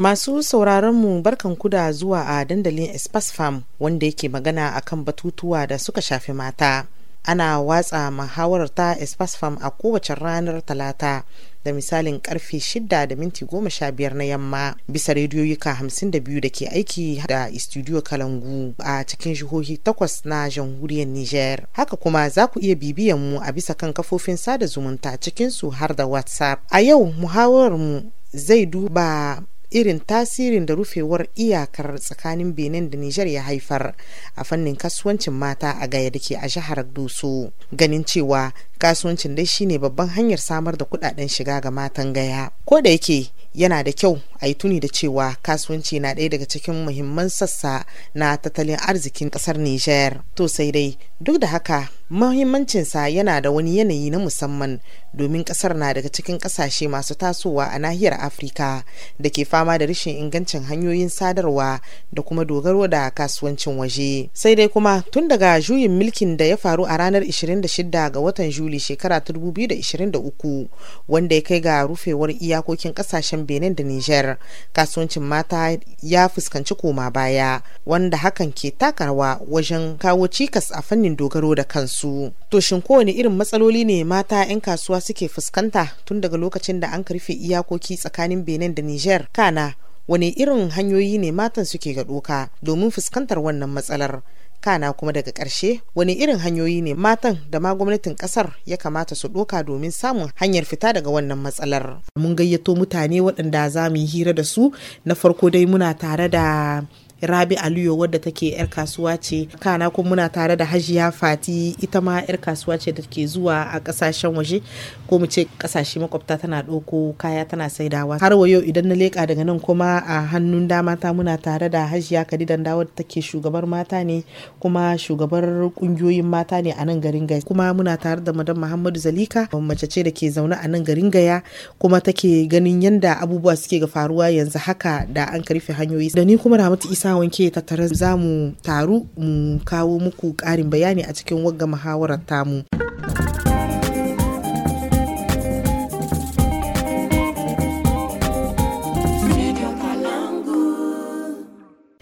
Masu sauraronmu barkan kuda zuwa a dandalin Espas Farm wanda yake magana a kan batutuwa da suka shafi mata. Ana watsa muhawarar ta Espas Farm a kowace ranar Talata da misalin karfe 6 da minti 15 na yamma bisa rediyoyika 52 da ke aiki da studio Kalangu a cikin jihohi takwas na jamhuriyar Niger. Haka kuma za ku iya bibiyan mu a bisa kan kafofin sada zumunta cikinsu har da WhatsApp. A yau muhawarar mu zai duba irin tasirin da rufewar iyakar tsakanin benin da nijar ya haifar a fannin kasuwancin mata a gaya da ke a jihar doso ganin cewa kasuwancin dai shine babban hanyar samar da kudaden shiga ga matan gaya ko da yake yana da kyau a yi tuni da cewa kasuwanci na ɗaya daga cikin muhimman sassa na tattalin arzikin ƙasar nijar to sai dai duk da haka Mahimmancinsa yana da wani yanayi na musamman domin ƙasar na daga cikin ƙasashe masu tasowa a nahiyar Afirka da ke fama da rashin ingancin hanyoyin sadarwa da kuma dogaro da kasuwancin waje. Sai dai kuma tun daga juyin mulkin da ya faru a ranar 26 ga watan Juli shekara 2023 wanda ya kai ga rufewar iyakokin ƙasashen Benin da Niger, kasuwancin mata ya fuskanci koma baya wanda hakan ke takarwa wajen kawo cikas a fannin dogaro da kansu. To shin kowane irin matsaloli ne mata 'yan kasuwa suke fuskanta tun daga lokacin da an karfe iyakoki tsakanin Benin da Niger kana wane irin hanyoyi ne matan suke ga doka domin fuskantar wannan matsalar. kana kuma daga ƙarshe wani irin hanyoyi ne matan da ma gwamnatin ƙasar ya kamata su ɗoka domin samun hanyar fita daga wannan matsalar mun gayyato mutane waɗanda za mu yi hira da su na farko dai muna tare da rabi aliyu wadda take yar kasuwa ce kana kuma muna tare da hajiya fati ita ma yar kasuwa ce da ke zuwa a kasashen waje ko mu ce kasashe makwabta tana ɗauko kaya tana saidawa har wayo idan na leƙa daga nan kuma a hannun dama ta muna tare da hajiya kadidan dawo da take shugabar mata ne kuma shugabar ƙungiyoyin mata ne a nan garin gaya kuma muna tare da madam muhammadu zalika mace ce da ke zaune a nan garin gaya kuma take ganin yanda abubuwa suke ga faruwa yanzu haka da an karfe hanyoyi da ni kuma ramatu isa wanke tattara za mu taru mu kawo muku ƙarin bayani a cikin wagga muhawarar tamu.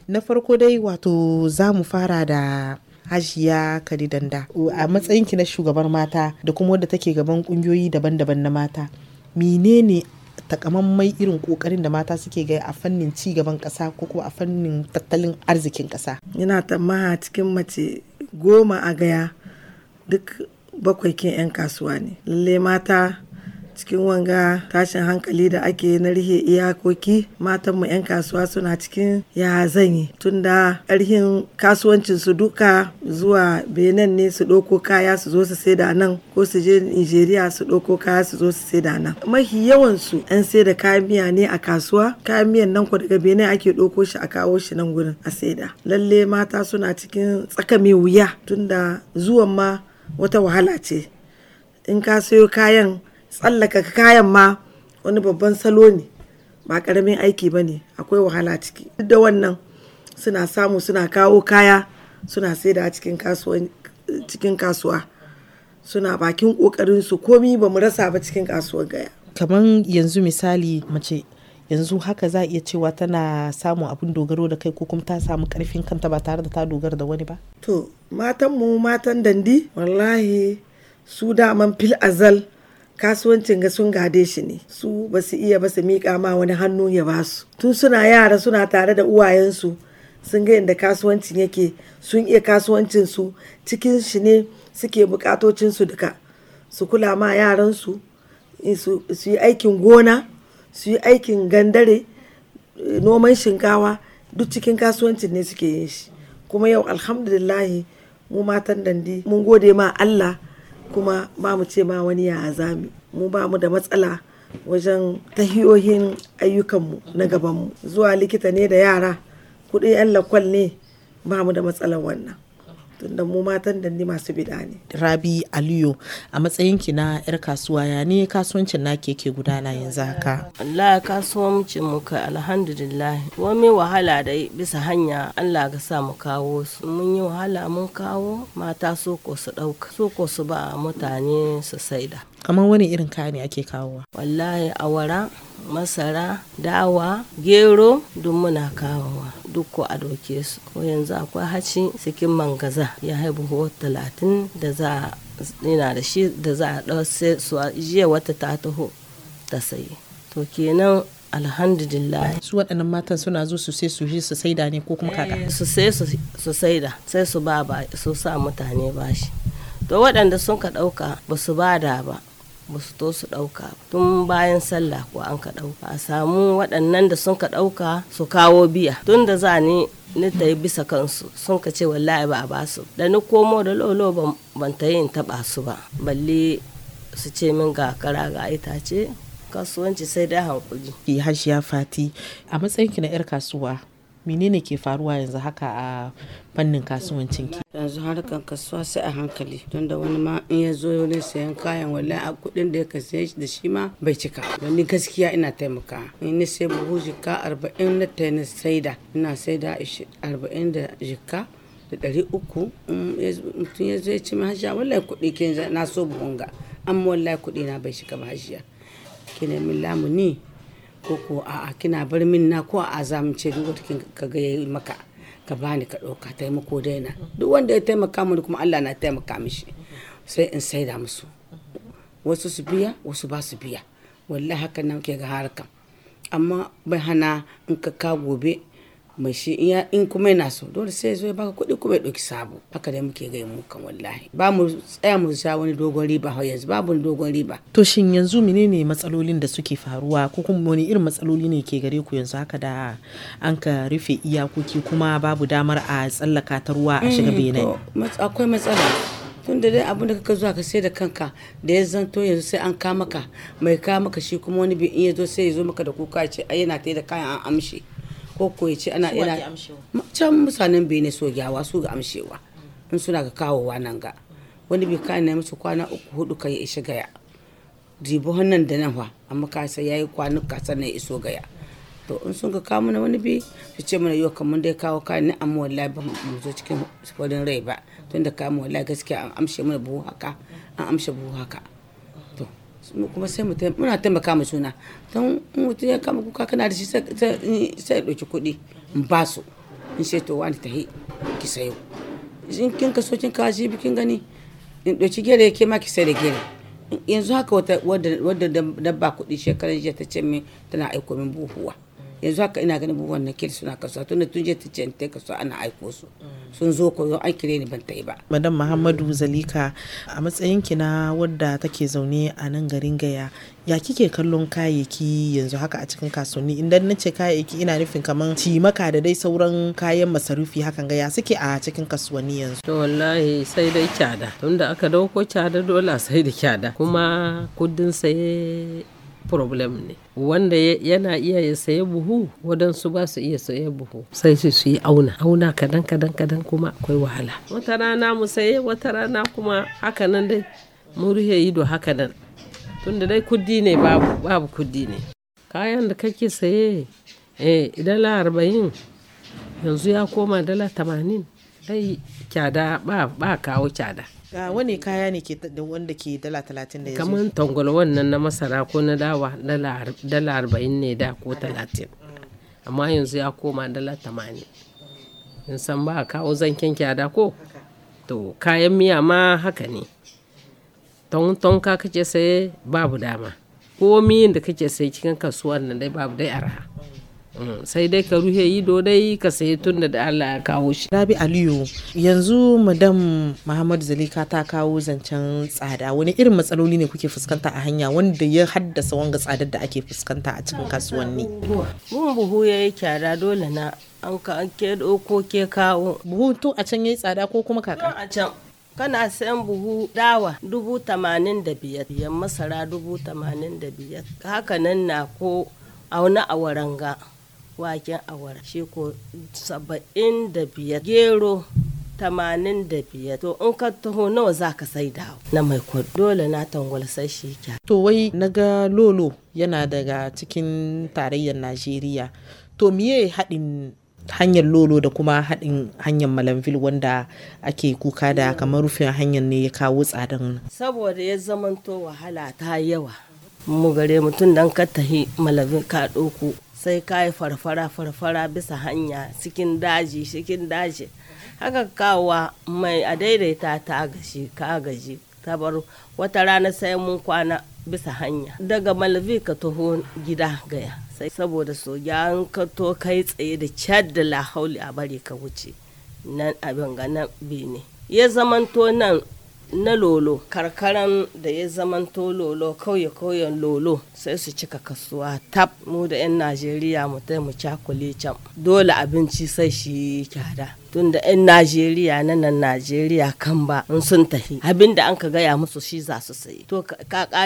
na farko dai wato za mu fara da hajiya danda a matsayinki na shugaban mata da kuma wadda take gaban kungiyoyi daban-daban na mata menene takamammai irin kokarin da mata suke gai a fannin ci gaban kasa ko kuma a fannin tattalin arzikin kasa yana tamaha cikin mace goma a gaya duk bakwai kin 'yan kasuwa ne lalle mata cikin wanga tashin hankali da ake na rihe iyakoki matanmu 'yan kasuwa suna cikin ya zanyi tunda ƙarhin kasuwancin su duka zuwa benin ne su ɗauko kaya su zo su saida nan ko su je nigeria su ɗauko kaya su zo su saida nan mafi yawan su an saida kayan miya ne a kasuwa kayan miyan nan ko daga benin ake ɗauko shi a kawo shi nan gurin a saida lalle mata suna cikin tsaka mai wuya tunda zuwan ma wata wahala ce in ka sayo kayan tsallaka kayan ma wani babban salo ne ba karamin aiki ba ne akwai wahala ciki duk da wannan suna samu suna kawo kaya suna sai da cikin kasuwa suna bakin kokarin su komi ba mu rasa ba cikin kasuwar gaya kamar yanzu misali mace yanzu haka za iya cewa tana samun abin dogaro da kai ko kuma ta samu karfin kanta ba tare da ta dogara da wani ba to matan mu matan dandi wallahi su daman fil azal kasuwancin ga sun gade shi ne su basu iya ba su miƙa ma wani hannu ya ba su tun suna yara suna tare da uwayensu sun ga inda kasuwancin yake sun iya kasuwancin su cikin shi ne suke bukatocin su duka su kula ma yaransu su yi aikin gona su yi aikin gandare noman shinkawa duk cikin kasuwancin ne suke yin shi kuma yau alhamdulillahi mu matan dandi mun gode ma Allah kuma ba mu ce ma wani ya azami mu ba mu da matsala wajen tahiyoyin ayyukanmu na gabanmu zuwa likita ne da yara kuɗi yan lakwal ne ba mu da matsalar wannan tunda mu matan da ni masu bida ne. Rabi Aliyu a matsayin ki na 'yar kasuwa ya ne kasuwancin na ke ke gudana yanzu haka. Allah kasuwancin mu ka alhamdulillah wani wahala da bisa hanya Allah ga sa mu kawo su mun yi wahala mun kawo mata so ko su ɗauka so ko su ba mutane su saida. kamar wani irin kaya ne ake kawowa wallahi awara masara dawa gero duk muna kawowa duk ko a doke su ko yanzu akwai haci sikin mangaza ya haibu talatin da za ina da shi da za a ɗau sai su jiya wata ta taho ta sayi to kenan alhamdulillah su waɗannan matan suna zo su sai su ji su saida ne ko kuma kaka eh, su sai su saida sai su ba su sa mutane bashi to waɗanda sun ka ɗauka ba su bada ba ba su to su ɗauka tun bayan sallah ko an ka ɗauka a samu waɗannan da sun ka ɗauka su kawo biya tun da za ni ni ta yi bisa kansu sun ka ce wallahi ba a ba su da ni komo da lolo ban ta in taɓa su ba balle su ce min ga kara ga itace kasuwanci sai dai hankuli. Hashiya Fati a matsayinki na 'yar kasuwa menene ke faruwa yanzu haka a fannin kasuwancin ki yanzu harkar kasuwa sai a hankali don da wani ma in ya zo ne sayan kayan wallahi a kuɗin da ya ka saye da shi ma bai cika don ni gaskiya ina taimaka in ni sai buhu jika arba'in na tana saida ina saida arba'in da jika da ɗari uku mutum ya zo ya ci hajiya wallahi kuɗi ke na so buhunga amma wallahi kuɗi na bai shiga ba hajiya ki nemi lamuni ko ko a'a kina bar min na ko a za mu ce duk wata ka ga maka ka bani ka ɗauka taimako daina duk wanda ya taimaka mu kuma Allah na taimaka mishi sai in saida musu wasu su biya wasu ba su biya wallahi haka nan ke ga harkan amma bai hana in ka ka gobe mai shi in kuma yana so dole sai zo ya baka kuɗi kuma ya ɗauki sabo haka dai muke gai mu kan wallahi ba mu tsaya mu sha wani dogon riba har yanzu babu dogon riba to shin yanzu menene matsalolin da suke faruwa ko kuma wani irin matsaloli ne ke gare ku yanzu haka da an ka rufe iyakoki kuma babu damar a tsallaka ta ruwa a shiga mm, benin akwai matsala tun da dai abin da kaka zuwa ka sai da kanka da ya zanto yanzu sai an kama ka mai kama ka shi kuma wani bi iya ya zo sai ya zo maka da kuka ce yana ta da kayan an amshi ko ko ya ce ana ina can mutanen bene so gyawa su ga amshewa mm. in suna ga kawowa nan ga wani bai kayan na musu kwana uku hudu ka ya isa gaya jibi hannun da nan fa amma ka sai yayi kwanuka sannan ya iso gaya to in sun ga kawo mana wani bi su ce mana yau kamar dai kawo kayan na amma wallahi ba mu zo cikin fadin rai ba tunda kayan wallahi gaskiya an amshe mana buhu haka an amshe buhu haka kuma sai mu muna taimaka mu suna don mutum ya kama kuka kana da shi sai ɗauki kuɗi in ba su in ce to wani tahi ki sayo in kin kaso kin ka shi bikin gani in ɗauki gere ke ma ki sai da gere yanzu haka wadda dabba kuɗi shekarar jiya ta ce min tana aiko min buhuwa yanzu haka ina ganin buwan na suna kasuwa tunda tun je ta ta kasuwa ana aiko su sun zo koyo an kire ni ban ta yi ba madam muhammadu zalika a matsayin ki na wadda take zaune a nan garin gaya ya kike kallon kayayyaki yanzu haka a cikin kasuwanni inda na ce kayayyaki ina nufin kamar cimaka da dai sauran kayan masarufi hakan gaya suke a cikin kasuwanni yanzu to wallahi sai dai kyada tunda aka dauko kyada dole sai da kyada kuma kudin saye problem ne wanda yana iya ya saye buhu wadansu ba su iya saye buhu sai su su yi auna auna kadan kadan kadan kuma akwai wahala wata rana mu saye wata rana kuma haka nan dai mu rufe ido haka nan tunda dai kuddi ne babu babu kuddi ne kayan da kake saye eh dala arba'in yanzu ya koma dala tamanin dai kyada ba kawo kyada Ah, wani kaya ne ke wanda ke dala talatin da ya kamar tangol wannan na masara ko na dawa dala arba'in ne da ko talatin amma yanzu ya koma dala tamanin in san ba kawo zanken kyada ko to kayan miya ma haka ne tonton ka kace sai babu dama ko komi da kake sai cikin kasuwar nan dai babu dai araha. sai dai ka ruhe yi dai ka sayi tunda da Allah ya kawo shi Rabi Aliyu yanzu madam Muhammad Zalika ta kawo zancen tsada wani irin matsaloli ne kuke fuskanta a hanya wanda ya haddasa wanga tsadar da ake fuskanta a cikin kasuwanni mun buhu ya yi kyara dole na an ka ke doko ke kawo buhu tun a can yayi tsada ko kuma kaka a can kana sayan buhu dawa dubu tamanin da biyar masara dubu tamanin da biyar haka nan na ko auna a waranga waken awara shi ko saba'in da biyar gero tamanin da biyar to in ka taho nawa za ka sai da na mai ko dole na tangwal sai shi kya to wai naga lolo yana daga cikin tarayyar najeriya to miye haɗin hanyar lolo da kuma haɗin hanyar malamfil wanda ake kuka da kamar rufin hanyar ne ya kawo tsadan saboda ya zamanto wahala ta yawa mu gare mutum dan ka tahi malamfil ka ɗauko sai ka yi farfara farfara bisa hanya cikin daji cikin daji haka kawa mai a daidaita ta gashi ka gaji ta bar wata rana sai mun kwana bisa hanya daga malvi ka taho gida gaya sai saboda soja an ka to kai tsaye da cad da lahauli a bare ka wuce nan abin ga nan ne ya zamanto nan na lolo karkaran da ya zamanto lolo kauye-kauyen lolo sai su cika kasuwa tab mu da 'yan najeriya mu mu cakule can dole abinci sai shi kyada tunda 'yan najeriya na nan najeriya kan ba in sun tafi abin da an ka gaya musu shi za su sayi to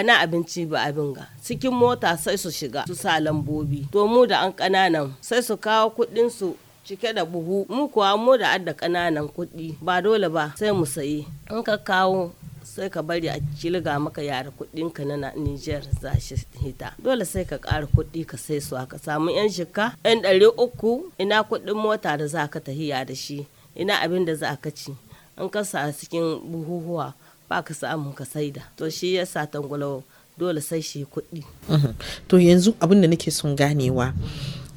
na abinci ba abin ga cikin mota sai su shiga su sa lambobi to mu da an kananan sai su kawo kuɗin su cike da buhu mu kuwa mu da adda ƙananan kuɗi ba dole ba sai mu sayi in ka kawo sai ka bari a kilga maka yara kuɗin ka na Niger za shi hita dole sai ka ƙara kuɗi ka sai su ka samu yan shika yan ɗari uku ina kuɗin mota da za ka tahiya da shi ina abin da za ka ci in ka sa cikin buhuhuwa ba ka samu ka saida to shi ya sa tangulawo dole sai shi kuɗi mhm. to yanzu abin da nake son ganewa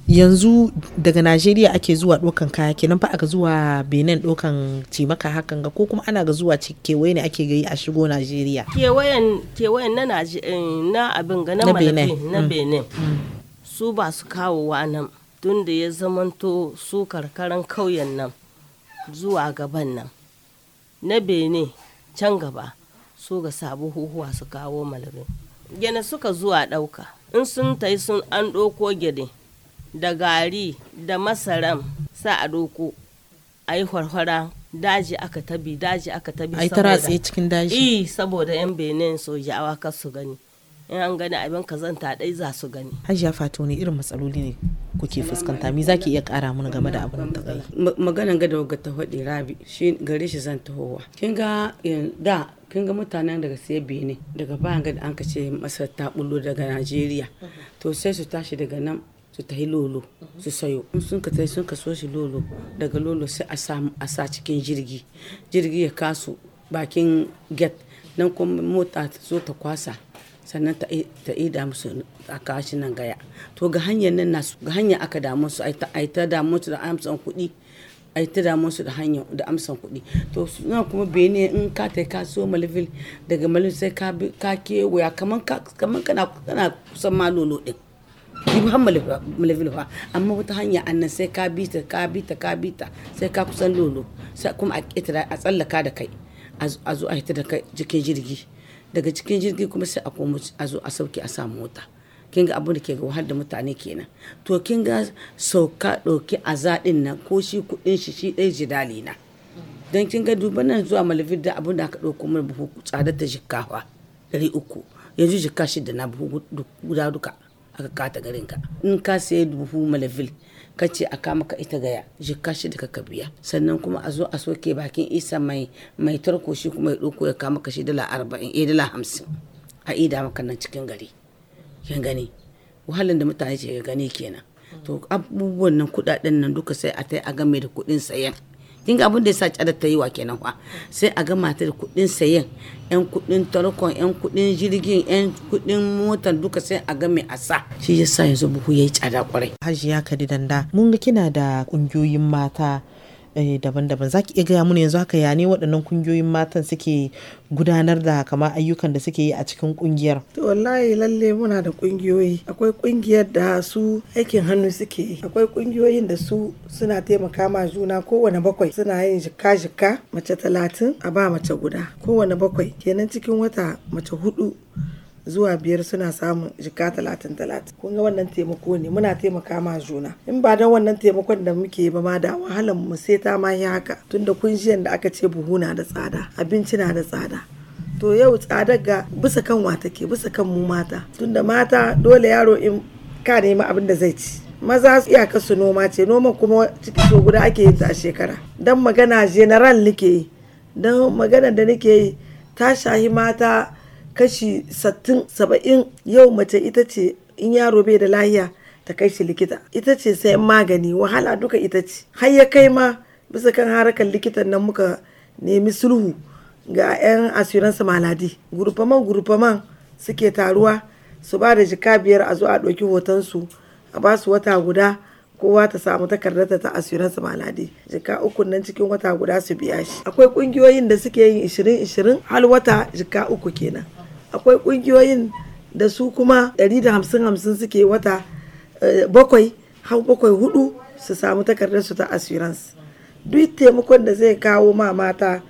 yanzu daga najeriya ake zuwa ɗaukan kaya kenan fa aka zuwa benin ɗaukan cimaka hakan ga ko kuma ana ga zuwa kewaye ne ake gayi a shigo najeriya kewayen na eh, na abin ga na benin na mm. benin mm. su ba su kawowa nan tun da ya zamanto su karkaran kauyen nan zuwa gaban nan na benin can gaba su ga sabu huhuwa su kawo malabin gina suka zuwa ɗauka in sun tai sun an ɗauko gede da gari da masaran sa a doko a yi harhara daji aka tabi daji aka tabi ai tara tsaye cikin daji eh saboda yan benin sojawa ka su gani in an gani abin ka kazanta dai za su gani hajiya fata ne irin matsaloli ne kuke fuskanta me zaki iya kara mana game da abin da kai magana ga daga ta hodi rabi shi gare shi zan tahowa kin ga eh, da kin ga mutanen daga sai bene daga bayan ga da an kace masar ta bullo daga Najeriya to sai su tashi daga nan su ta yi lolo su sayo in sun ka sun ka so shi lolo daga lolo sai a sa cikin jirgi jirgi ya kasu bakin get nan kuma mota ta zo ta kwasa sannan ta ida musu a kashi nan gaya to ga hanyar nan nasu ga hanyar aka damu su yi ta damu su da amsan kuɗi yi ta damu su da hanyar da amsan kuɗi to suna kuma bene in ka ta ka so malvil daga malvil sai ka kewaya kamar kana kusan ma lolo din jibi har malafilfa amma wata hanya annan sai ka bita ka bita ka bita sai ka kusan lolo sai kuma a ƙetare a tsallaka da kai a zo a hita da kai cikin jirgi daga cikin jirgi kuma sai a komo a zo a sauke a samu mota kin ga abin da ke ga wahal da mutane kenan to kin ga sauka ɗauki a zaɗin nan ko shi kuɗin shi shi ɗaya jidali na don kin ga duba nan zuwa malafil da abin da aka ɗauko mana buhu tsadar da jikawa ɗari uku yanzu jika shida na buhu guda duka aka kata ka in ka sayi duhu malavil ka ce a kama ka ita gaya ka shi da ka biya sannan kuma a zo a soke bakin isa mai mai tarko shi kuma ya ɗauko ya kama ka shi dala arba'in eh dala hamsin a ida maka nan cikin gari kin gani da mutane ce gani kenan to abubuwan nan kuɗaɗen nan duka sai a tai a game da kuɗin sayan kin abin da yasa cadar ta yi wa kenan fa sai a ga matar kudin sayen yan kudin tarkon yan kudin jirgin yan kudin motar duka sai a ga mai sa. shi yasa yanzu buhu yayi cada kwarai hajiya kadidanda mun ga kina da kungiyoyin mata Eh, daban-daban za ki iya gaya mun yanzu haka ya ne waɗannan kungiyoyin matan suke gudanar da kama ayyukan da suke yi a cikin ƙungiyar. to wallahi lalle muna da ƙungiyoyi akwai ƙungiyar da su aikin hannu suke yi akwai kungiyoyin da su suna taimaka ma juna kowane bakwai suna yin jikka jikka mace talatin a ba mace guda kowane bakwai kenan cikin wata mace hudu zuwa biyar suna samun jika talatin talatin kun ga wannan taimako ne muna taimaka ma juna in ba don wannan taimakon da muke ba ma da wahalar mu sai ta ma yi haka tunda ji da aka ce buhu na da tsada abinci na da tsada to yau tsadar ga bisa kan wa take bisa kan mu mata tunda mata dole yaro in ka nemi abin da zai ci maza su iyakar su noma ce noma kuma ciki so guda ake yi ta shekara dan magana general nake yi dan magana da nake yi ta shahi mata kashi 60-70 yau mace ita ce in yaro bai da lahiya ta kai shi likita ita ce sayan magani wahala duka ita ce har ya kai ma bisa kan harakan likitan nan muka nemi sulhu ga 'yan asiransa maladi gurfaman gurfaman suke taruwa su ba da jika biyar a zo a ɗauki hotonsu a ba su wata guda kowa ta samu takardata ta asiransa maladi jika uku nan cikin wata guda su biya shi akwai ƙungiyoyin da suke yin 20-20 hal wata jika uku kenan akwai kungiyoyin da su kuma 150-50 suke wata eh, bakwai har bakwai hudu su samu takardar su ta assurance duk taimakon da zai kawo ma mata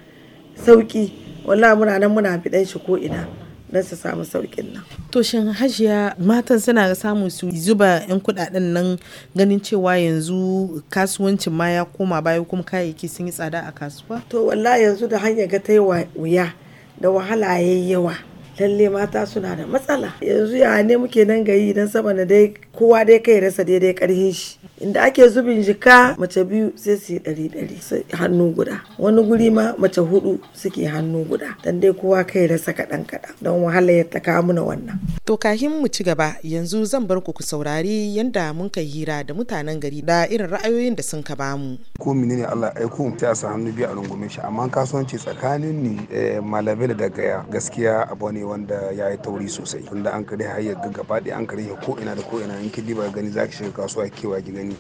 sauki wala muna nan muna fiɗan shi ko ina don su samu saukin nan. To shin hajiya matan suna samun su zuba 'yan kudaden nan ganin cewa yanzu kasuwancin ma ya koma baya kuma kayayyaki sun yi tsada a kasuwa? To wallahi yanzu da hanyar ga ta yi wuya da wahala yayi yawa. lalle mata suna da matsala yanzu ya ne muke nan gayi don saboda dai kowa dai kai rasa daidai karhin shi inda ake zubin jika mace biyu sai su yi ɗari ɗari hannu guda wani guri ma mace hudu suke hannu guda dan dai kowa kai rasa kaɗan kaɗan don wahala ya taka muna wannan. to kahin mu ci gaba yanzu zan bar ku ku saurari yanda mun kai hira da mutanen gari da irin ra'ayoyin da sun ka bamu. ko menene Allah aiko ta sa hannu biyu a rungumin shi amma kasuwanci tsakanin ni eh, malamai da gaya gaskiya abu ne wanda ya yi tauri sosai tunda an kare hayyar gaba ɗaya an kare ko ina da ko ina in ka diba gani za ka shiga kasuwa kewa ki gani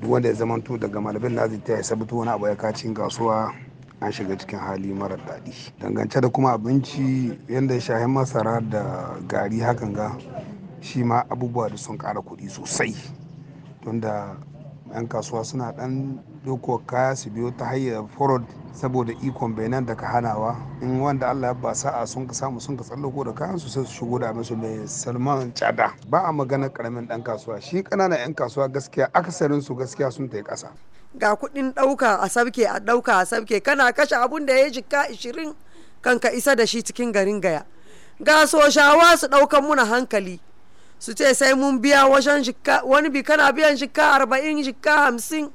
duk wanda ya zamanto daga malabin na ta ya sabito wani abu ya kacin kasuwa an shiga cikin hali mara daɗi dangance da kuma abinci yadda ya shahin masara da gari hakan ga shi ma abubuwa da sun kara kuɗi sosai tunda 'yan kasuwa suna ɗan doko kaya su biyo ta hanyar forod saboda ikon benin da ka hanawa in wanda allah ya ba sa'a sun ka samu sun ka tsallako da kayan su sai su shigo da abin mai salman cada ba a magana karamin ɗan kasuwa shi kanana 'yan kasuwa gaskiya akasarin su gaskiya sun yi kasa ga kuɗin ɗauka a sabke a ɗauka a sabke kana kashe abun da ya jikka ishirin kanka isa da shi cikin garin gaya ga soshawa su ɗauka muna hankali su ce sai mun biya wajen jikka wani bi kana biyan jikka arba'in jikka hamsin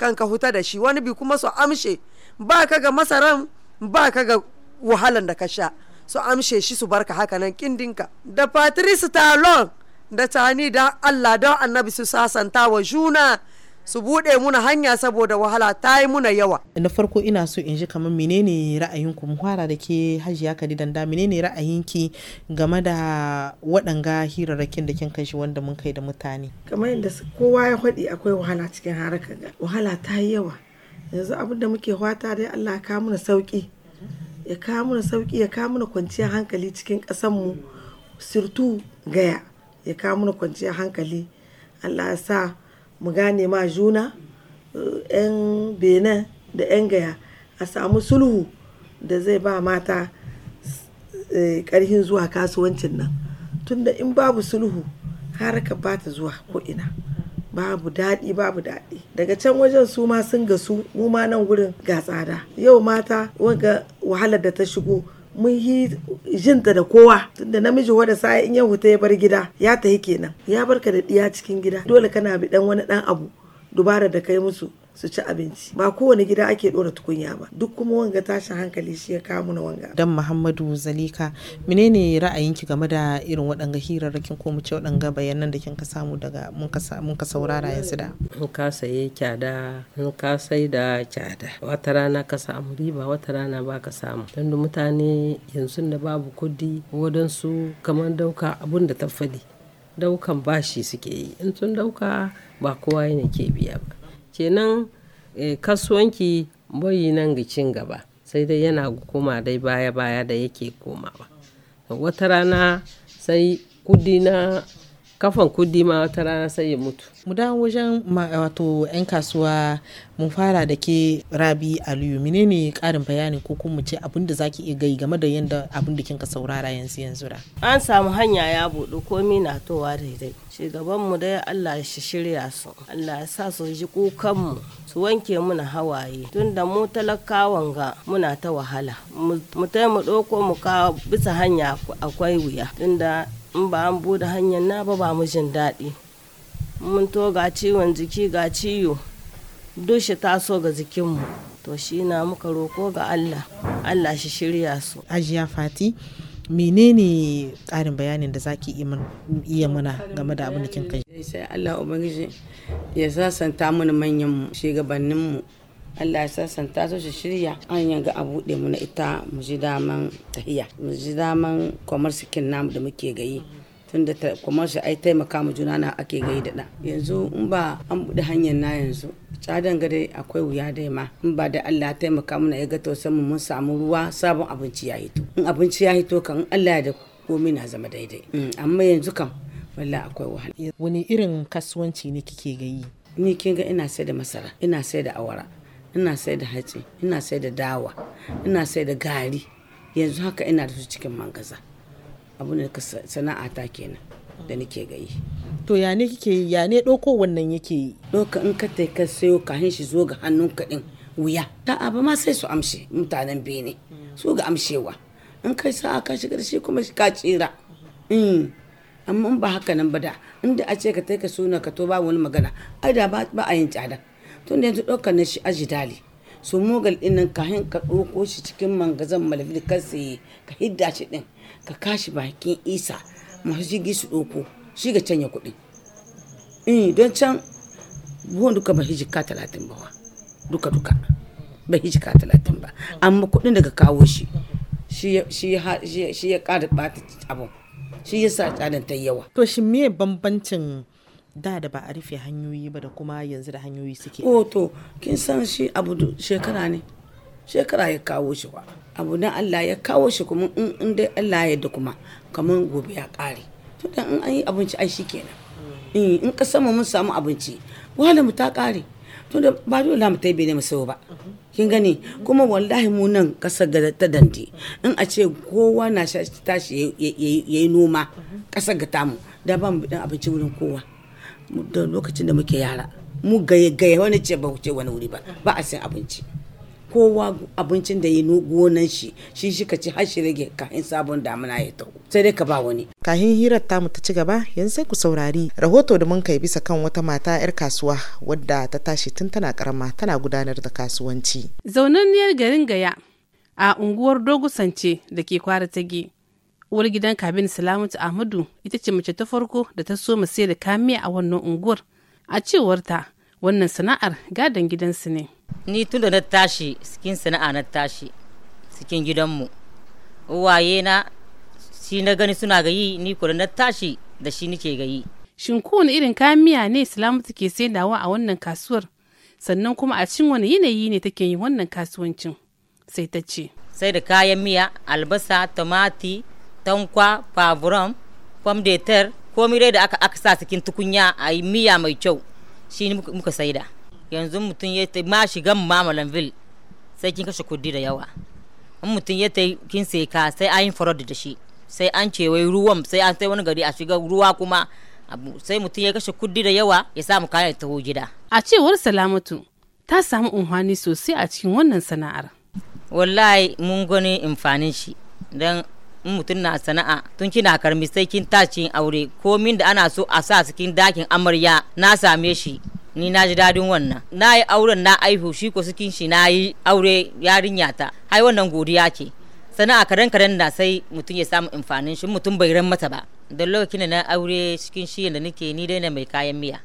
kan ka huta da shi wani bi kuma su amshe ba ka ga masaran ba ka ga wahalan da ka sha su amshe shi su barka haka nan kindinka da patrice talon da tani da allah don annabi su sasanta wa juna su buɗe muna hanya saboda wahala ta yi muna yawa. Na farko ina so in ji kamar menene ra'ayinku mu fara da ke Hajiya Kadidan da menene ra'ayinki game da waɗanga hirarrakin da kin kashi wanda mun kai da mutane. Kamar yadda kowa ya faɗi akwai wahala cikin harkar ga wahala ta yi yawa yanzu abin da muke fata dai Allah kawo mana sauki ya kawo mana sauki ya kawo mana kwanciyar hankali cikin ƙasanmu sirtu gaya ya kawo mana kwanciyar hankali Allah ya sa mu gane ma juna eh, 'yan benin da 'yan gaya a samu sulhu da zai ba mata eh, ƙarhin zuwa kasuwancin nan tunda in babu sulhu ka ba ta zuwa ko'ina babu daɗi babu daɗi daga can wajen su ma sun gasu mu ma nan gurin ga tsada yau mata wanga wahalar da ta shigo mun yi jinta da kowa tunda namiji wanda sai in ya huta ya bar gida ya tafi kenan ya barka da diya cikin gida dole kana bi dan wani dan abu dubara da kai musu su ci abinci ba kowane gida ake ɗora tukunya ba duk kuma wanga tashin hankali shi ya kamu na wanga dan muhammadu zalika menene ra'ayinki game da irin waɗanga hirarrakin ko mu ce waɗanga bayanan da kinka samu daga mun ka mun saurara yanzu da mun ka saye kyada mun ka sai da kyada wata rana ka samu riba wata rana ba ka samu dan mutane yanzu da babu kudi wadansu kamar dauka abun da ta fadi daukan bashi suke yi in sun dauka ba kowa ne ke biya ba kenan eh, kasuwanki bai nan ga cin gaba sai dai yana koma dai baya baya da yake komawa wata rana sai kudi na kafan kudi ma wata rana sai ya mutu. Mu da wajen wato 'yan kasuwa mun fara da ke Rabi Aliyu menene karin bayani ko kuma ce abin da zaki iya gai game da yadda abin da kinka saurara yanzu yanzu da. An samu hanya ya buɗu komi na towa daidai. Shugaban mu dai Allah ya shirya su. Allah ya sa su ji kukan mu su wanke muna hawaye. Tun da mu talakawan ga muna ta wahala. Mu taimako, ɗauko mu kawo bisa hanya akwai wuya. da in ba an bude hanyar na ba ba mu jin daɗi mun to ga ciwon jiki ga ciwo ta taso ga jikinmu to shi na muka roko ga allah allah shi shirya su ajiya fati menene ƙarin bayanin da zaki iya mana game da abin da kin kai sai allah ubangiji ya sasanta mana manyan shugabanninmu Allah ya sasanta su shi shirya an yanga a buɗe mu na ita mu ji daman tahiya mu ji daman kwamar sikin namu da muke gayi tunda kuma shi ai taimaka mu juna na ake gayi da ɗan yanzu in ba an buɗe hanyar na yanzu tsadan gare akwai wuya da ma in ba da Allah taimaka mana ya ga tausan mu mun samu ruwa sabon abinci ya hito in abinci ya hito kan Allah ya da komai na zama daidai mm, amma yanzu kam wallahi akwai wahala wani irin kasuwanci ne kike gayi ni kin ga ina sai da masara ina sai da awara ina sai da hatsi ina sai da dawa ina sai da gari yanzu haka ina da su cikin mangaza ne ka sana'a ta kenan da nake gayi to ya ne kike yi ya ne ɗauko wannan yake yi ɗauka in ka ka sayo kahin shi zo ga hannun ka ɗin wuya ta abu ma sai su amshe mutanen bene su ga amshewa in kai sa'a ka shiga da shi kuma ka tsira mm. amma in ba haka nan ba da inda a ce ka taika suna ka to ba wani magana ai da ba a yin tsada tun da yanzu ɗaukar na shi aji dali su mogal ɗin nan kahin ka ɗauko shi cikin mangazan malabir kan saye ka hidda shi ɗin ka kashi bakin isa masu jirgi su ɗauko shi ga canya kuɗi in eh, don can buwan duka ba hijika talatin ba wa duka duka ba hijika talatin ba amma kuɗin daga kawo shi shi ya ƙara ɓata abu shi ya sa tsadan ta yawa to shi me bambancin da da ba a rufe hanyoyi ba da kuma yanzu da hanyoyi suke ko oh, to kin san shi abu shekara ne shekara ya kawo shi ba abu na Allah ya kawo shi kuma in dai Allah ya da kuma kamar gobe ya kare to dan in an yi abinci ai shikenan eh, in ka mu mun samu abinci wala mu ta kare to da ba dole mu taibe ne mu sayo ba kin gani kuma wallahi mu nan kasa ga ta dande in a ce kowa na tashi yayi noma kasa ga tamu da ba mu dan abinci wurin kowa da lokacin da muke yara mu gaye gaye wani ce ba wuce wani wuri ba ba a san abinci kowa abincin da ya gonan shi shi shi ka ci har shi rage kahin sabon damuna ya tau sai dai ka ba wani kahin hirar ta mu ta ci gaba yanzu sai ku saurari rahoto da mun kai bisa kan wata mata yar kasuwa wadda ta tashi tun tana karama tana gudanar da kasuwanci zaunanniyar garin gaya a unguwar dogusance da ke kwara tage uwar gidan kabin salamatu ahmadu ita ce mace ta farko da ta so mu sayar da kamiya a wannan unguwar a cewar ta wannan sana'ar gadon gidansu ne ni tun da na tashi cikin sana'a na tashi cikin gidanmu uwaye na shi na gani suna gayi ni kuwa na tashi da shi nike gayi shin kowane irin kayan miya ne salamatu ke saidawa a wannan kasuwar sannan kuma a cikin wani yanayi ne take yin wannan kasuwancin sai ta ce sai da kayan miya albasa tumati. tankwa favuran pom de terre komai dai da aka aka sa cikin tukunya a miya mai kyau shi muka saida yanzu mutum ya ta ma shiga mamalan vil sai kin kashe kudi da yawa in mutum ya ta kin sai ka sai an yi farod da shi sai an ce wai ruwan sai an sai wani gari a shiga ruwa kuma abu sai mutum ya kashe kudi da yawa ya samu kayan ya taho gida a cewar salamatu ta samu unhani sosai a cikin wannan sana'ar wallahi mun gani amfanin shi don in mutum na sana'a tun kina karmi sai kin tashi aure komin da ana so a sa cikin dakin amarya na same shi ni na ji dadin wannan na yi auren na aihu shi ko sukin shi na yi aure yarinya ta hai wannan godiya ce sana'a karen karen na sai mutum ya samu amfanin shi mutum bai ran mata ba da lokacin da na aure cikin shi da nake ni dai na mai kayan miya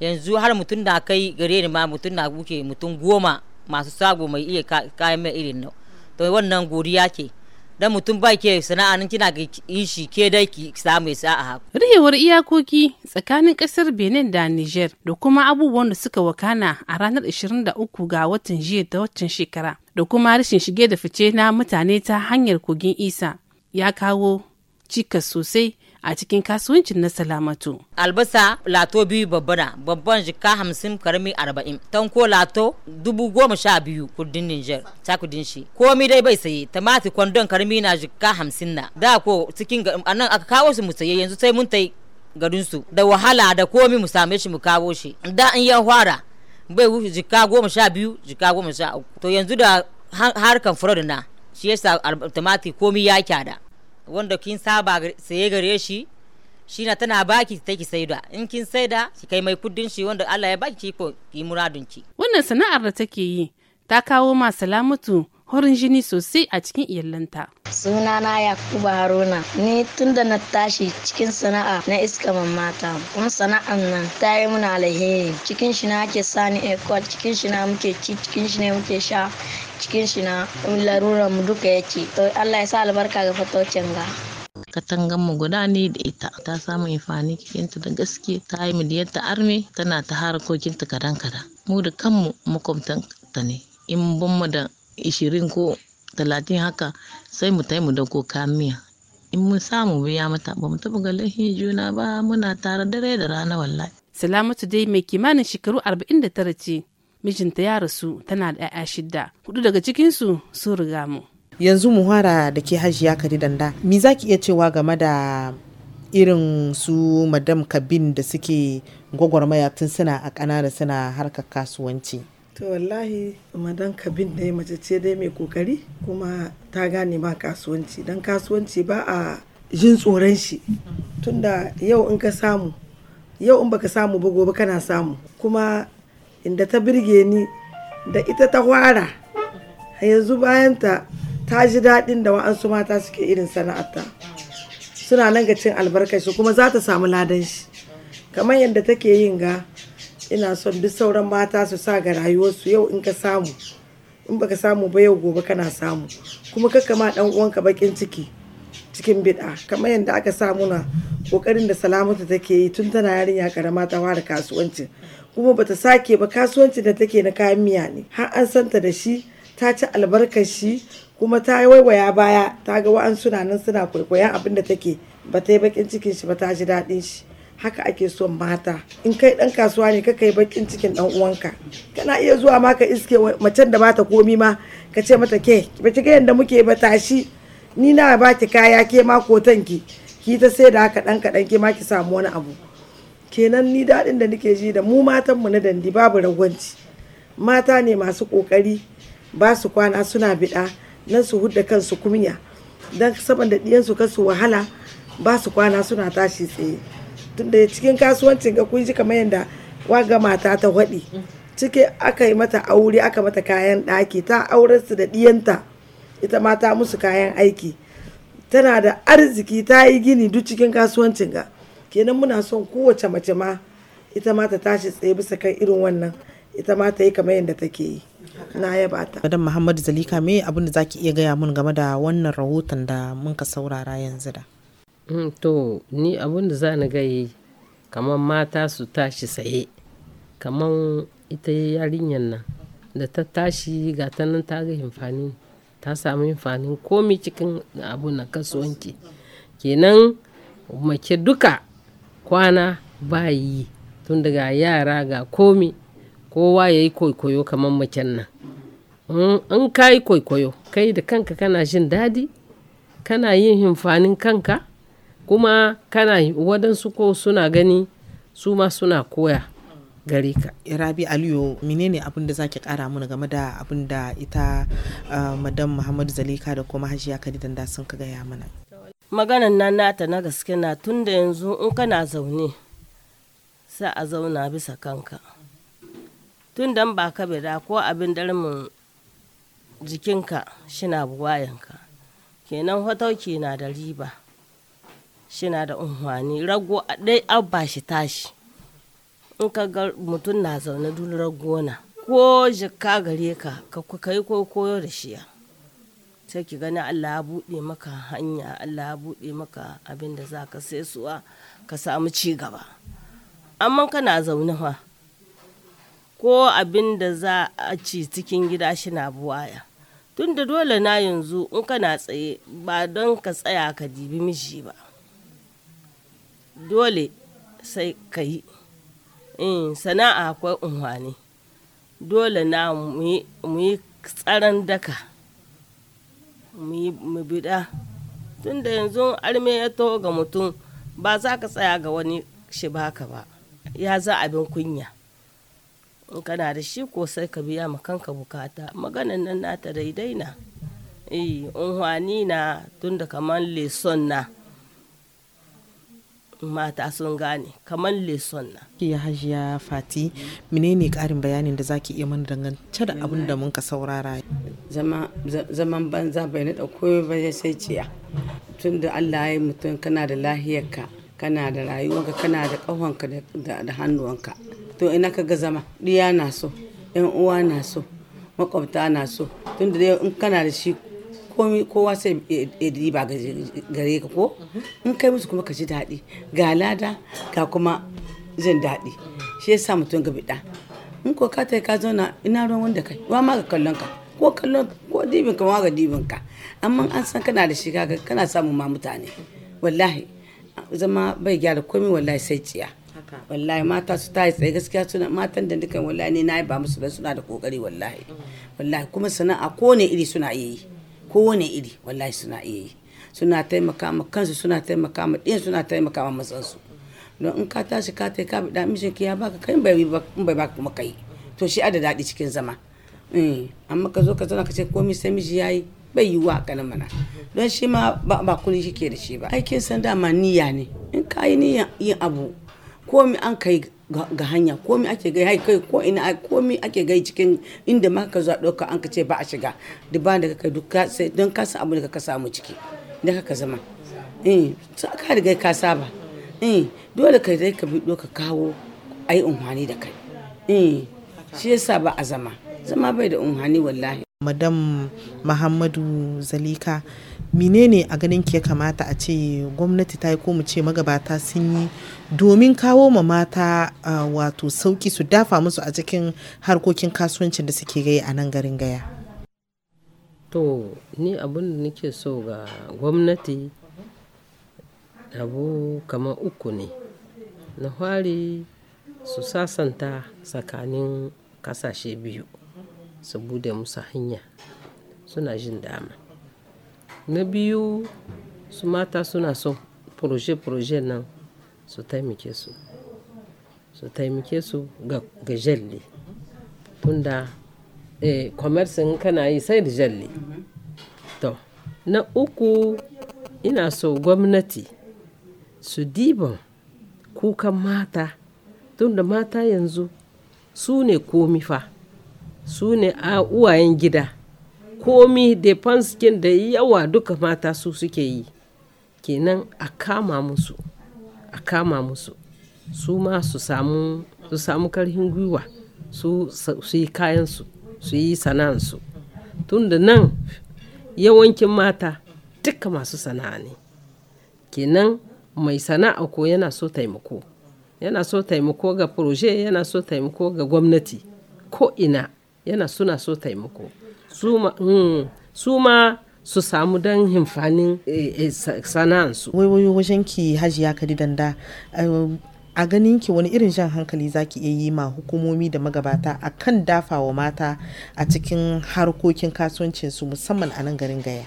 yanzu har mutum da kai gare ni ma mutum na buke mutum goma masu sago mai iya kayan miya irin nan to wannan godiya ke. dan mutum ba ke sana'a nan kina ga yin shi ke dai ki samu sa'a rihewar iyakoki tsakanin kasar Benin da Niger da kuma abubuwan da suka wakana a ranar 23 ga watan jiya da waccan shekara da kuma rashin shige da fice na mutane ta hanyar kogin Isa ya kawo cikas sosai a cikin kasuwancin na salamatu. Albasa lato biyu babba na babban jika hamsin karami arba'in tanko lato dubu goma sha biyu kudin Nijar cakudin shi. Komi dai bai saye tamati kwandon karami na jika hamsin na da ko cikin anan aka kawo su mu saye yanzu sai mun tai garinsu da wahala da komi mu same shi mu kawo shi da in ya fara bai wuce jika goma sha biyu jika goma sha uku to yanzu da harkan fraud na shi yasa tamati komi ya kyada wanda kin saba saye gare shi shi na tana baki ta ki saida in kin saida ki kai mai kudin shi wanda Allah ya baki ki ki muradun ki wannan sana'ar da take yi ta kawo ma salamatu horin jini sosai a cikin iyalanta. Sunana Yakuba Haruna, ni tun da na tashi cikin sana'a na iska mamata, kuma sana'an nan ta yi muna alheri. Cikin shi na ake sani ekot, eh, cikin shi na muke ci, cikin shi ne muke sha, cikin shi na larurar mu duka ya yake to Allah ya sa albarka ga fatocin ga katangan mu guda ne da ita ta samu amfani ta da gaske ta yi ta arme tana ta harkokin ta kadan kadan mu da kanmu makwabtan ta ne in ban mu da ishirin ko talatin haka sai mu taimu da ko kamiya in mun samu biya mata ba mu taba ga juna ba muna tare dare da rana wallahi salamatu dai mai kimanin shekaru 49 ce mijinta ya rasu tana da 'ya'ya shidda hudu daga cikinsu sun riga mu yanzu muhara da ke hajiya kari danda mi za ki iya cewa game da irin su madam kabin da suke gwagwarmaya tun suna a ƙanana suna harkar kasuwanci to wallahi madam kabin ya mace ce dai mai kokari kuma ta gane ma kasuwanci don kasuwanci ba a jin tsoron shi tunda yau in ka samu yau in baka samu ba gobe kana samu kuma inda ta birge ni da ita ta hwara yanzu bayan ta ta ji daɗin da wa'ansu mata suke irin sana'arta suna nan ga cin albarkashi kuma za ta samu ladan shi kamar yadda take yin ga ina son duk sauran mata su sa ga rayuwarsu yau in ka samu in baka samu ba yau gobe kana samu kuma kakka ma dan uwanka bakin ciki cikin bid'a kamar yadda aka sa muna kokarin da salamatu take yi tun tana yarinya karama ta fara kasuwanci kuma bata sake ba kasuwanci da take na kayan miya ne har an santa da shi ta ci albarkar shi kuma ta waiwaya baya ta ga wa'an suna nan suna kwaikwayon abin da take ba ta yi bakin cikin shi ba ta ji daɗin shi haka ake son mata in kai dan kasuwa ne ka kai bakin cikin dan uwanka kana iya zuwa ma ka iske macen da bata komi ma ka ce mata ke ba ta ga yadda muke ba tashi ni na ba ki kaya ke ma ko tanki. ki ta sai da haka dan kadan ke ma ki samu wani abu kenan ni daɗin da nake ji da mu matan mu na dandi babu ragwanci mata ne masu kokari ba su kwana suna biɗa nan su hudda kansu kunya Dan saboda ɗiyansu kasu wahala ba su kwana suna tashi tsaye tunda cikin kasuwancin ga kun ji kamar yadda waga mata ta waɗi cike aka yi mata aure aka mata kayan ɗaki ta auren su da ɗiyanta ita ma ta musu kayan aiki tana da arziki ta yi gini duk cikin kasuwancin ga kenan muna son kowace mace ma ita ma ta tashi tsaye bisa kan irin wannan ita ma ta yi kamar yadda take yi na yaba ta madam muhammadu zalika me abin da zaki iya gaya mun game da wannan rahoton da mun ka saurara yanzu da mm, to ni abin da za ni gaye kamar mata su tashi tsaye kamar ita yarinyar nan da ta tashi ga ta nan ta ga himfani ta samu amfanin komi cikin abu na kasuwanci kenan mace duka kwana bayi yi tun daga yara ga komi kowa ya yi kwaikwayo kamar macen nan in ka yi kwaikwayo kai da kanka kana jin daɗi kana yin himfanin kanka kuma kana waɗansu ko suna gani su ma suna koya gare ka rabi Aliyu menene abin da zaki kara mana game da abin da ita ah, madam muhammadu zalika da kuma hajiya kadidan da sun gaya mana maganan nan nata na gaske na tun da yanzu in kana zaune sai a zauna bisa kanka tun dan ba ka bida ko abin darmin jikinka na buwayenka kenan hotauki na da riba shina da unhwani rago ɗai abba shi tashi in ka ga mutum na zaune dular gona ko jikka gare ka ka kai ko koyo da ya. sai ki gani Allah ya buɗe maka hanya Allah ya buɗe maka abin da za ka sai suwa ka samu ci gaba amma kana zaune fa ko abin da za a ci cikin gida shi na buwaya tun da dole na yanzu in kana tsaye ba don ka tsaya ka dibi miji ba dole sai ka yi Eh, sana'a akwai unwani dole na mu yi tsaron daka mu bida tun da yanzu arme ya taho ga mutum ba za ka tsaya ga wani shi baka ba ya za abin kunya in kana da shi ko sai ka biya ma kanka bukata maganan nan nata daidai na eh, unhwani na tun da kamar leson na mata sun gane kamar leson na. Ya hajiya fati menene karin bayanin da zaki iya mana dangance da abin da mun ka saurara. Zaman banza bai na ɗauko ba ya sai ciya. Tun da Allah ya yi mutum kana da lahiyarka kana da rayuwanka kana da ƙahonka da hannuwanka. To ina ka ga zama ɗiya na so, ‘yan uwa na so, makwabta na so. Tun da in kana da shi kowa sai ya riba gare ka ko in kai musu kuma ka ji daɗi ga lada ga kuma jin daɗi shi yasa mutum ga biɗa in ko ka tai ka zauna ina ruwan wanda kai wa ma ga kallon ka ko kallon ko dibin ka ma ga dibin ka amma an san kana da shiga ga kana samun ma mutane wallahi zama bai gyara komai wallahi sai ciya wallahi mata su yi tsaye gaskiya suna matan da dukan wallahi ne na yi ba musu dan suna da kokari wallahi mm. wallahi kuma sana'a ko ne iri suna yi kowane iri wallahi suna iya yi suna taimaka ma kansu suna taimaka ma ɗin suna taimaka ma matsansu don in ka tashi ka ta ka bida ki ya baka kai bai bai baka kuma kai to shi a da daɗi cikin zama eh, amma ka zo ka zauna ka ce komai sai miji ya yi bai yiwuwa a kanan mana don shi ma ba kuli shi ke da shi ba aikin san dama niyya ne in ka yi niyyan yin abu komi an kai ga hanya komi ake gai hai kai ko ina komi ake gai cikin inda ma ka zuwa ɗauka an ka ce ba a shiga duk ba da kai duk sai don ka san abin da ka samu ciki da ka zama eh ka riga ka saba eh dole kai dai ka bi ka kawo ai unhani da kai eh shi yasa ba a zama zama bai da unhani wallahi Madam Muhammadu Zalika, menene a ganinki ya kamata a ce gwamnati ta yi ko mu ce magabata sun yi domin kawo ma mata wato sauki su dafa musu a cikin harkokin kasuwancin da suke gai a nan garin gaya? To, ni abin da nake so ga gwamnati abu kamar uku ne. Na fari su sasanta tsakanin kasashe biyu. su bude musu hanya suna jin dama na biyu su mata suna son proje-proje nan su taimake su su taimake su ga jalle tunda eh, kwamarsin kana yi sai da jalle to na uku ina so gwamnati su diban kukan mata tunda mata yanzu su ne komi fa su ne a uwayen gida komi kin da yawa duka mata su suke yi kenan a kama musu a kama musu su ma su samu karhin gwiwa su su yi kayansu su yi sana'ansu da nan yawancin mata duka masu sana'a ne kenan mai sana'a ko yana so taimako yana so taimako ga proje yana so taimako ga gwamnati ko ina yana suna so taimako su ma mm, su samu don himfanin eh, eh, sana'ansu waiwayo wajen ki hajiya kadi danda eh, a ganin ki wani irin jan hankali zaki iya yi ma hukumomi da magabata a kan dafawa mata a cikin harkokin kasuwancinsu musamman a nan garin gaya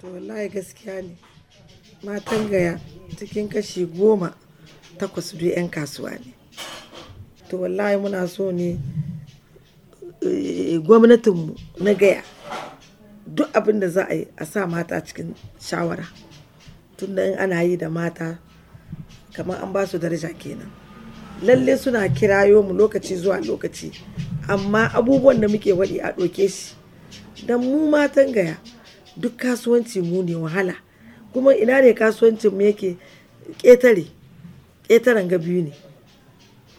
to wallahi gaskiya ne matan gaya cikin kashi goma takwas duk 'yan kasuwa ne to wallahi muna so ne gwamnatinmu na gaya duk abin da za a yi a sa mata cikin shawara tun da ana yi da mata kamar an ba su daraja kenan lalle suna kirayo mu lokaci zuwa lokaci amma abubuwan da muke waɗi a ɗoke shi don mu matan gaya duk kasuwanci mu ne wahala kuma ina ne kasuwancin mu yake ƙetare ƙetaren ga ne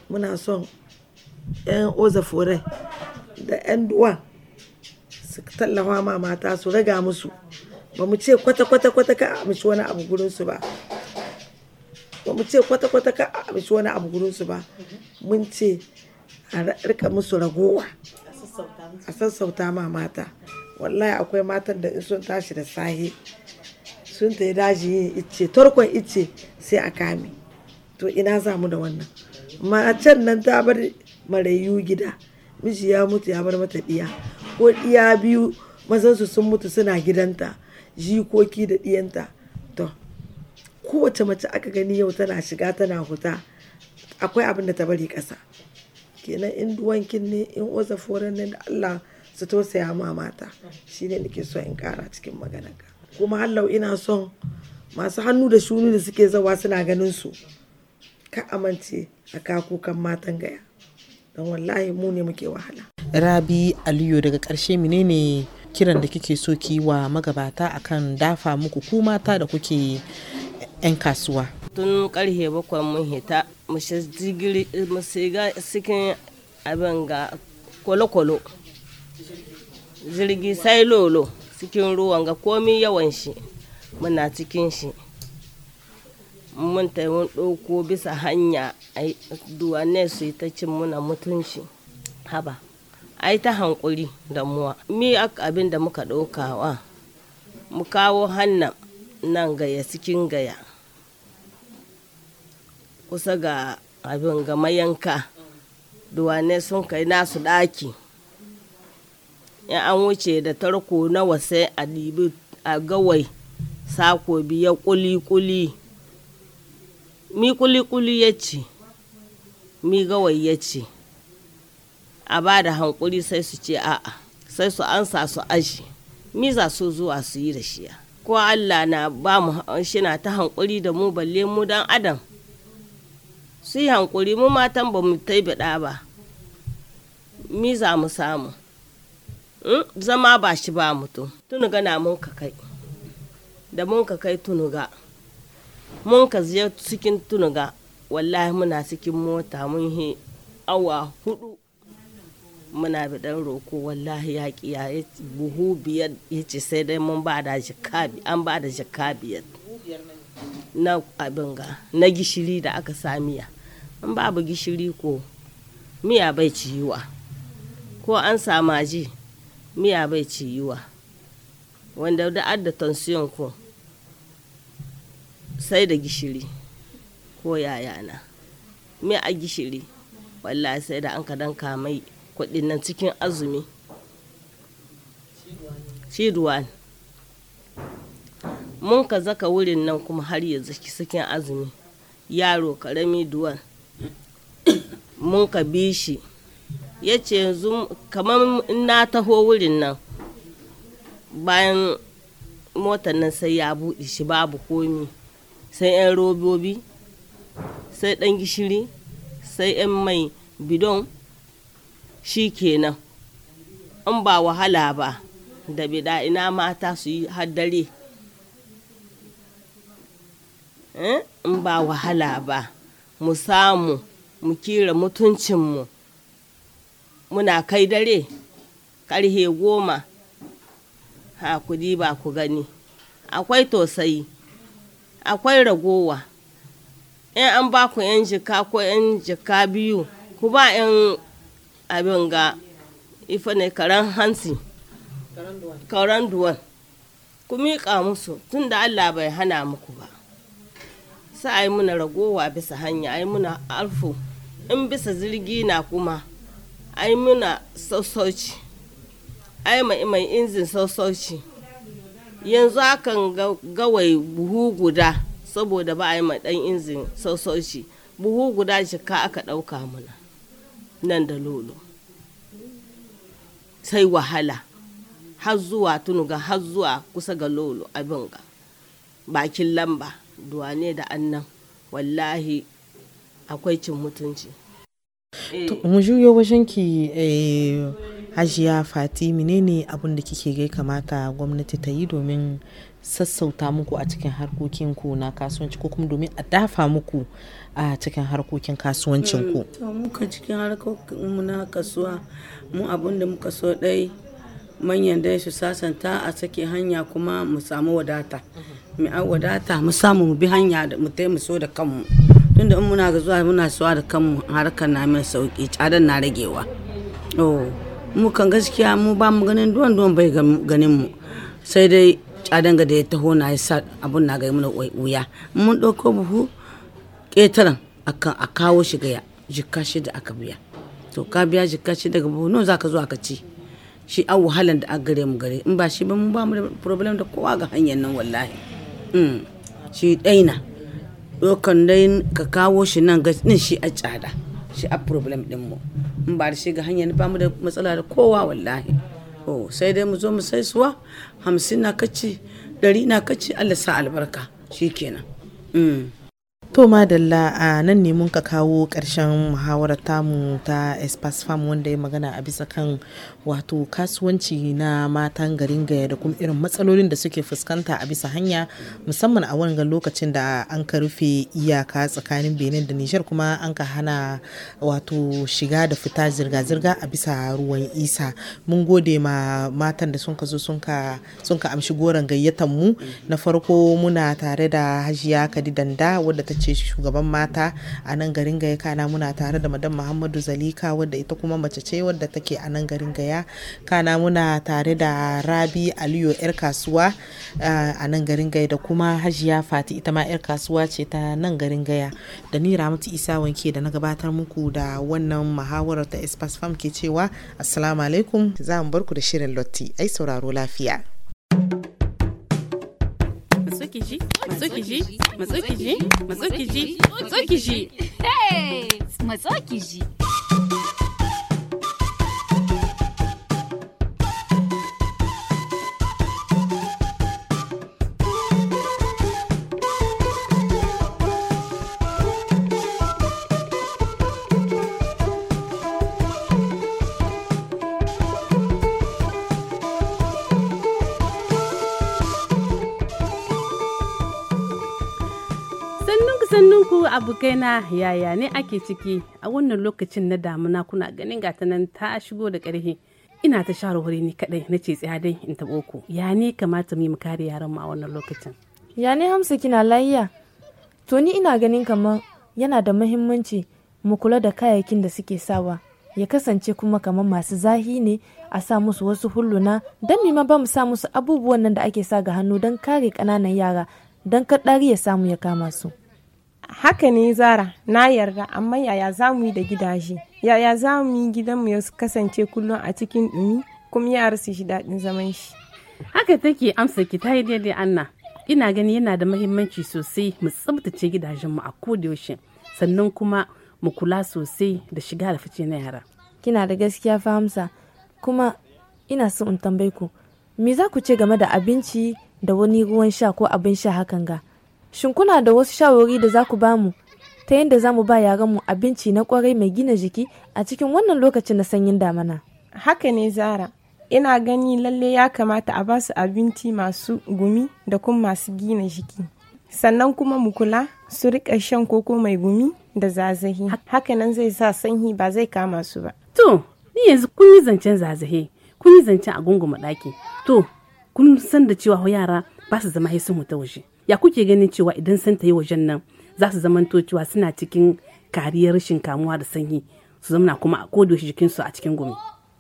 muna son 'yan oza forai da 'yan duwan su tallafa ma mata su raga musu ba mu ce kwata-kwata-kwata ka amshi wani abu gurin su ba ba mu ce kwata-kwata ka amshi wani abu gurin su ba mun ce a rika musu ragowa a sassauta ma mata wallahi akwai matan da in sun tashi da sahi sun ta yi daji yin icce tarkon icce sai a kame to ina za mu da wannan ma can nan ta bar marayu gida miji ya mutu ya bar mata ɗiya ko ɗiya biyu mazansu sun mutu suna gidanta jikoki da ɗiyanta to kowace mace aka gani yau tana shiga tana huta akwai abin da ta bari ƙasa kenan in duwankin ne in oza foren ne da Allah su tausaya ma mata shine nake so in kara cikin ka kuma hallau ina son masu hannu da shuni da suke zawa suna ganin su ka amince a kakukan matan gaya don wallahi mu ne muke wahala rabi aliyu daga ƙarshe menene kiran da kike so ki wa magabata akan dafa muku ku mata da kuke 'yan kasuwa tun karhe bakwai mun hita mu shiga cikin abin ga kwalokwalo jirgi sai lolo cikin ruwan ga komi yawan shi muna cikin shi mun taimun ɗauko bisa hanya duwane su yi ta cin muna mutunci haba ai ta hankuri da muwa mi abin da muka ɗaukawa mu kawo hannan nan gaya cikin gaya kusa ga abin ga mayanka duwane sun kai nasu ɗaki in an wuce da tarko na sai a libi a gawai sako biya kuli-kuli mi kulikuli ya ce mi ya ce a ba da hankuri sai su ce a'a sai su ansa su aji mi za su zuwa su yi da shiya ko allah na ba mu shi na ta hankuri da mu balle mu dan adam su yi hankuri mu matan ba mu taibida ba mi za mu samu hmm? zama ba shi ba mutum tunuga na mun ka kai da mun ka kai mun ka ziya cikin tunuga wallahi muna cikin mota mun yi awa hudu muna bidan roko wallahi ya kiya buhu biyar ya ce sai dai mun ba da jikabi an ba da na abin ga na gishiri da aka sa miya An babu gishiri ko miya bai ciyiwa ko an samaji miya bai ciyiwa wanda da adda tansiyon ko sai da gishiri ko yayana me a gishiri wallahi sai da an ka danka mai kudin nan cikin azumi mun ka zaka wurin nan kuma har ya zaki cikin azumi yaro karami duwan mun ka bi shi ya yanzu kamar na taho wurin nan bayan motar nan sai ya buɗe shi babu komi sai 'yan robobi sai ɗan gishiri sai 'yan mai bidon shi kenan in ba wahala ba da bida ina mata su yi haddare eh? in ba wahala ba mu samu mu kira mutuncinmu muna kai dare karhe goma ha kudi ba ku gani akwai tosai akwai ragowa in an ba ku 'yan jika ko 'yan jika biyu ku ba 'yan abin ga ifa ne karen hansi karen duwan ku miƙa musu tun da allah bai hana muku ba sai a yi muna ragowa bisa hanya a yi muna alfu in bisa zirgi na kuma a yi muna sassauci a yi mai inzin sassauci yanzu akan gawai buhu guda saboda ba a yi ma ɗan inzin sassauci buhu guda shika aka ɗauka mana nan da lolo sai wahala har zuwa tunuga har zuwa kusa ga lolo abin ga bakin lamba duwane da annan wallahi akwai cin mutunci. mu juyo wajen ki eh, Hajiya Fati menene abin da kike gai kamata gwamnati ta yi domin sassauta muku a cikin harkokin ku na kasuwanci ko kuma domin a dafa muku a cikin harkokin kasuwancin ku. muka mm, cikin harkokin mu na kasuwa mu abin da muka so dai manyan dai su sasanta a sake hanya kuma mu samu wadata. Mu a wadata mu samu mu bi hanya mu taimu so da kanmu. Tunda in muna ga zuwa muna suwa da kanmu harkar na mai sauki tsadan na ragewa. Oh. Mukan gaskiya mu ba mu ganin don don bai ganin mu sai dai cadanga da ya taho na sa abun na gai mana wuya mun ɗauko buhu ƙetaren akan a kawo shi ga jikka da aka biya to ka biya jikka shi daga buhu no za ka zo aka ci shi an wahalan da an gare mu gare in ba shi ba mu ba mu da problem da kowa ga hanyar nan wallahi mm. shi ɗaina ɗaukan dai ka kawo shi nan ga shi a tsada shi a problem ɗin mu in ba da shi ga hanyar ba mu da matsala da kowa wallahi oh sai dai mu zo mu sai suwa hamsin na kaci ɗari na kaci Allah sa albarka shi kenan mm. To madalla a nan ne mun ka kawo ƙarshen muhawarar tamu ta Espas Farm wanda ya magana a bisa kan wato kasuwanci na matan garin gaya da kuma irin matsalolin da suke fuskanta a bisa hanya musamman a wannan lokacin da an ka rufe iyaka tsakanin benin da nijar kuma an ka hana wato shiga da fita zirga-zirga a bisa ruwan isa mun gode ma matan da sun ka zo sun ka amshi goron gayyatan mu na farko muna tare da hajiya kadi danda wadda ta ce shugaban mata a nan garin gaya kana muna tare da madam muhammadu zalika wadda ita kuma mace ce wadda take a nan garin gaya kana muna tare da Rabi Aliyu 'yar kasuwa eh, a nan garin Gaya da kuma Hajiya Fati ita ma 'yar kasuwa ce ta nan garin Gaya da ni Ramatu Isa wanke da na gabatar muku da wannan muhawarar ta Espas Farm ke cewa Assalamu alaikum za mu bar da shirin Lotti ai sauraro lafiya. matsukiji matsukiji matsukiji matsukiji matsukiji matsukiji na yaya ne ake ciki a wannan lokacin na damuna kuna ganin gata nan ta shigo da ƙarfi ina ta shawarwari ni kadai na ce tsaya dai in taɓo ku ya ne kamata mu kare yaran mu a wannan lokacin ya ne hamsa kina lafiya to ni ina ganin kamar yana da muhimmanci mu kula da kayayyakin da suke sawa ya kasance kuma kamar masu zahi ne a sa musu wasu hulluna don nima ba mu sa musu abubuwan nan da ake sa ga hannu don kare kananan yara don kaɗari ya samu ya kama su. haka ne zara na yarda amma yaya za mu yi da gidaje yaya za mu yi gidanmu ya kasance kullum a cikin dumi kuma ya su shi daɗin zaman shi haka take amsa ki ta yi daidai anna ina gani yana da mahimmanci sosai mu tsabtace gidajenmu a ko yaushe sannan kuma mu kula sosai da shiga da fice na yara kina da gaskiya fahimsa kuma ina so in tambayi ku me za ku ce game da abinci da wani ruwan sha ko abin sha hakan ga Shin kuna da wasu shawari da za ku ba mu ta yadda za mu ba mu abinci na kwarai mai gina jiki a cikin wannan lokacin na sanyin damana? Haka ne Zara, ina gani lalle ya kamata a basu abinci masu gumi da kuma masu gina jiki. Sannan kuma mu kula su riƙa shan koko mai gumi da zazahi. Hakanan zai sa sanyi ba zai kama su ba. To, ni yanzu kun yi zancen zazahi, kun yi zancen a gungun ɗaki. To, kun san da cewa yara ba su zama mu ta waje. ya kuke ganin cewa idan sun tayi wajen nan za su zamanto cewa suna cikin kariyar rashin kamuwa da sanyi su zamana kuma a kodayaushe jikinsu a cikin gumi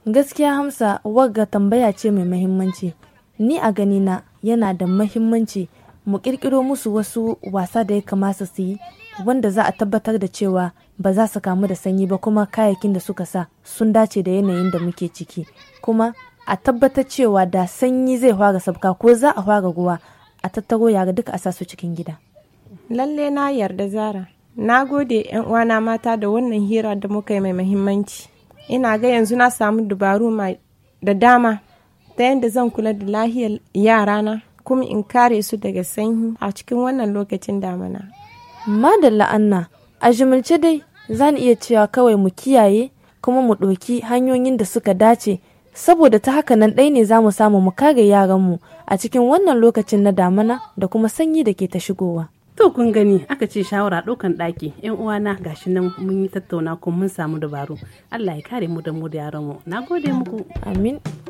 gaskiya hamsa wagga tambaya ce mai mahimmanci ni a ganina yana da mahimmanci mu kirkiro musu wasu wasa da ya kamata su yi wanda za a tabbatar da cewa ba za su kamu da sanyi ba kuma kayayyakin da suka sa sun dace da yanayin da muke ciki kuma a tabbatar cewa da sanyi zai fara sabka ko za a fara ruwa a tattago ga duka a sa cikin gida lalle na yarda zara na gode yan uwana mata da wannan hira da muka yi mai mahimmanci ina ga yanzu na samu dabaru da dama ta yadda zan kula da lahiyar yarana kuma in kare su daga sanyi a cikin wannan lokacin damana madalla anna a jimilce dai za iya cewa kawai mu kiyaye kuma mu ɗauki hanyoyin da suka dace saboda ta haka nan ɗai ne za mu samu mu kage yaranmu a cikin wannan lokacin na damana da kuma sanyi da ke ta shigowa. To kun gani aka ce shawara ɗaukan ɗaki ‘yan uwana gashi nan mun yi tattauna kuma mun samu dabaru. Allah ya kare mu da mu da yaran mu. Na gode muku. Amin.